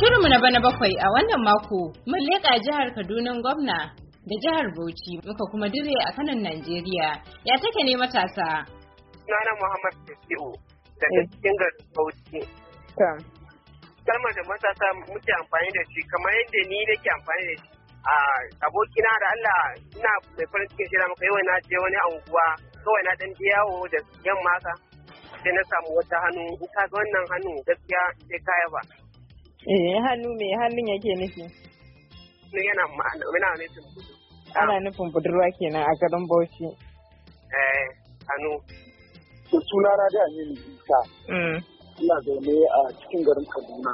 Shirinmu na bana bakwai a wannan mako mun leƙa jihar Kaduna gwamna da jihar Bauchi muka kuma dire a kanan Najeriya. Ya take ne matasa? Nana Muhammad Tasiu daga eh. cikin garin Bauchi. Kalmar da matasa muke amfani da shi kamar yadda ni nake amfani da shi. A abokina da Allah ina mai farin cikin shirya maka yawan na je wani anguwa kawai na ɗan yawo da yamma ka sai na samu wata hannu in ka ga wannan hannu gaskiya sai kaya ba. Eh hannu me hannun yake nufi? Ni yana ma'ana yana nufin budurwa. Ah. Ana nufin budurwa kenan a garin Bauchi. Eh hannu. Da suna na da Aminu Isa. Mm. Ina zaune a cikin garin Kaduna.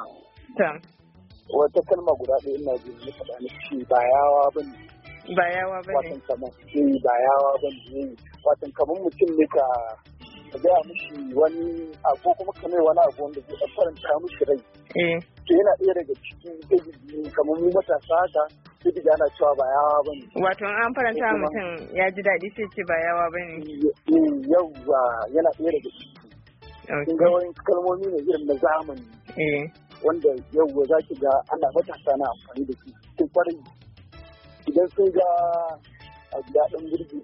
Wata kalma guda ɗaya ina jin ni faɗa ni ce ba yawa ba ne. Ba yawa ba ne. Watan kamar ba yawa ba Watan kamar mutum ne ka gaya mishi wani abu kuma kamar wani abu wanda zai faranta mishi rai. Eh. ke yana ɗaya daga cikin ɗabi'u kamar mu matasa haka da ana cewa ba yawa ba ne. Wato an faranta mutum ya ji daɗi sai ce ba yawa ba ne. Yawwa yana ɗaya daga ciki. sun ga wani kalmomi ne irin na zamani. Eh. Wanda yawwa za ki ga ana matasa na amfani da su sai kwarai. Idan sun ga a daɗin birgi.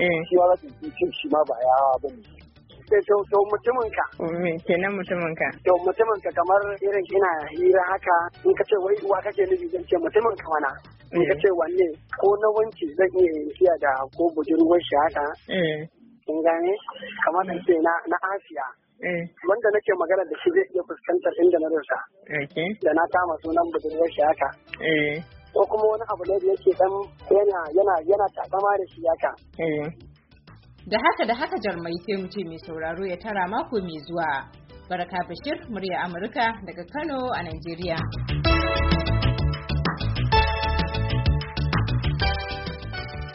Eh. Shi ma za su ce shi ma ba yawa ba ne. to mutumin ka me kenan mutumin ka to mutumin ka kamar irin kina hira haka in ka ce wai uwa kake nufi zan ce mutumin ka mana in ka eh. ce wanne ko na wanki zan iya kiya da ko budurwar shi haka eh. kin gane kamar in ce na asiya eh. wanda nake magana da shi zai iya fuskantar inda na rusa. da na kama sunan budurwar shi haka ko kuma wani abu ne da yake dan yana yana yana takama da shi haka Da haka da haka jarmai sai mu ce mai sauraro ya tara mako mai zuwa. Baraka Bashir, murya Amurka daga Kano a Najeriya.